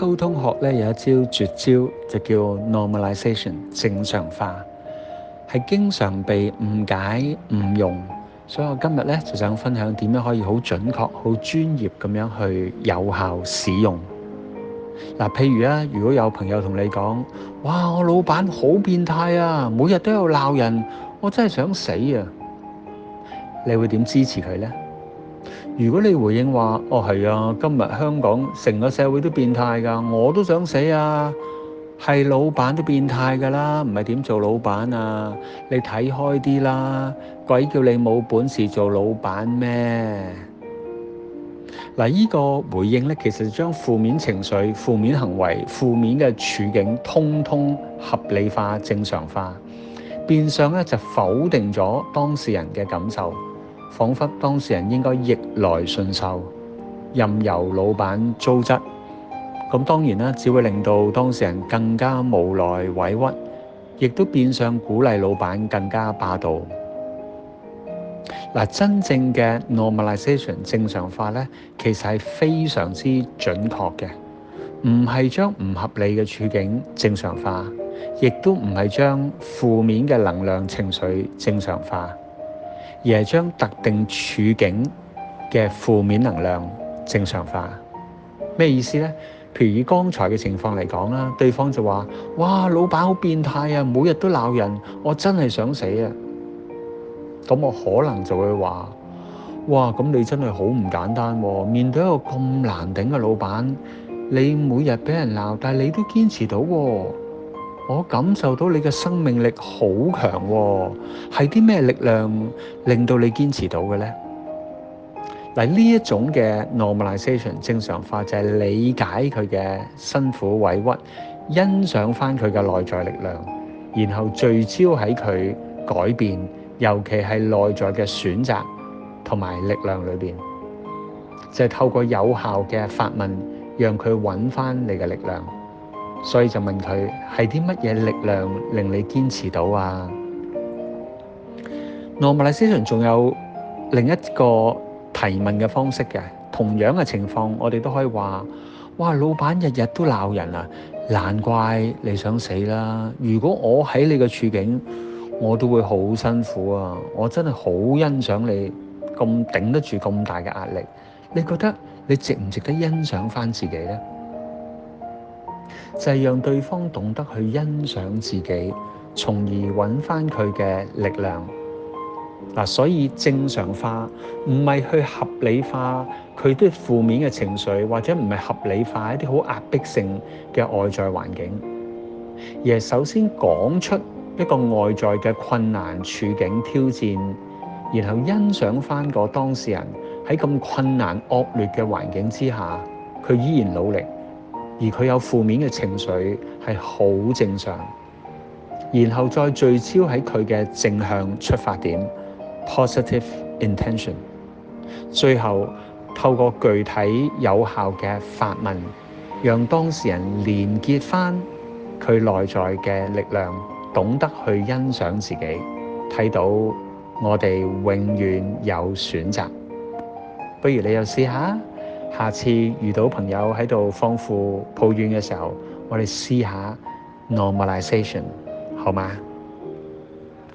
高通學咧有一招絕招，就叫 n o r m a l i z a t i o n 正常化，係經常被誤解誤用，所以我今日咧就想分享點樣可以好準確、好專業咁樣去有效使用。嗱、啊，譬如啊，如果有朋友同你講：哇，我老闆好變態啊，每日都有鬧人，我真係想死啊！你會點支持佢呢？」如果你回應話，哦，係啊，今日香港成個社會都變態㗎，我都想死啊，係老闆都變態㗎啦，唔係點做老闆啊？你睇開啲啦，鬼叫你冇本事做老闆咩？嗱，呢個回應咧，其實將負面情緒、負面行為、負面嘅處境，通通合理化、正常化，變相咧就否定咗當事人嘅感受。仿佛當事人應該逆來順受，任由老闆糟質，咁當然啦，只會令到當事人更加無奈委屈，亦都變相鼓勵老闆更加霸道。嗱，真正嘅 normalization 正常化咧，其實係非常之準確嘅，唔係將唔合理嘅處境正常化，亦都唔係將負面嘅能量情緒正常化。而係將特定處境嘅負面能量正常化，咩意思呢？譬如以剛才嘅情況嚟講啦，對方就話，哇，老闆好變態啊，每日都鬧人，我真係想死啊！咁我可能就會話，哇，咁你真係好唔簡單喎、啊，面對一個咁難頂嘅老闆，你每日俾人鬧，但係你都堅持到喎、啊。我感受到你嘅生命力好強、哦，係啲咩力量令到你堅持到嘅咧？嗱，呢一種嘅 normalization 正常化就係、是、理解佢嘅辛苦委屈，欣賞翻佢嘅內在力量，然後聚焦喺佢改變，尤其係內在嘅選擇同埋力量裏邊，就係、是、透過有效嘅發問，讓佢揾翻你嘅力量。所以就問佢係啲乜嘢力量令你堅持到啊？Normalization 仲有另一個提問嘅方式嘅，同樣嘅情況，我哋都可以話：「哇！老闆日日都鬧人啊，難怪你想死啦！如果我喺你嘅處境，我都會好辛苦啊！我真係好欣賞你咁頂得住咁大嘅壓力，你覺得你值唔值得欣賞翻自己呢？」就係讓對方懂得去欣賞自己，從而揾翻佢嘅力量。嗱，所以正常化唔係去合理化佢啲負面嘅情緒，或者唔係合理化一啲好壓迫性嘅外在環境，而係首先講出一個外在嘅困難處境挑戰，然後欣賞翻個當事人喺咁困難惡劣嘅環境之下，佢依然努力。而佢有負面嘅情緒係好正常，然後再聚焦喺佢嘅正向出發點 （positive intention），最後透過具體有效嘅發問，讓當事人連結返佢內在嘅力量，懂得去欣賞自己，睇到我哋永遠有選擇。不如你又試下？下次遇到朋友喺度放負抱怨嘅時候，我哋試一下 normalization，好嗎？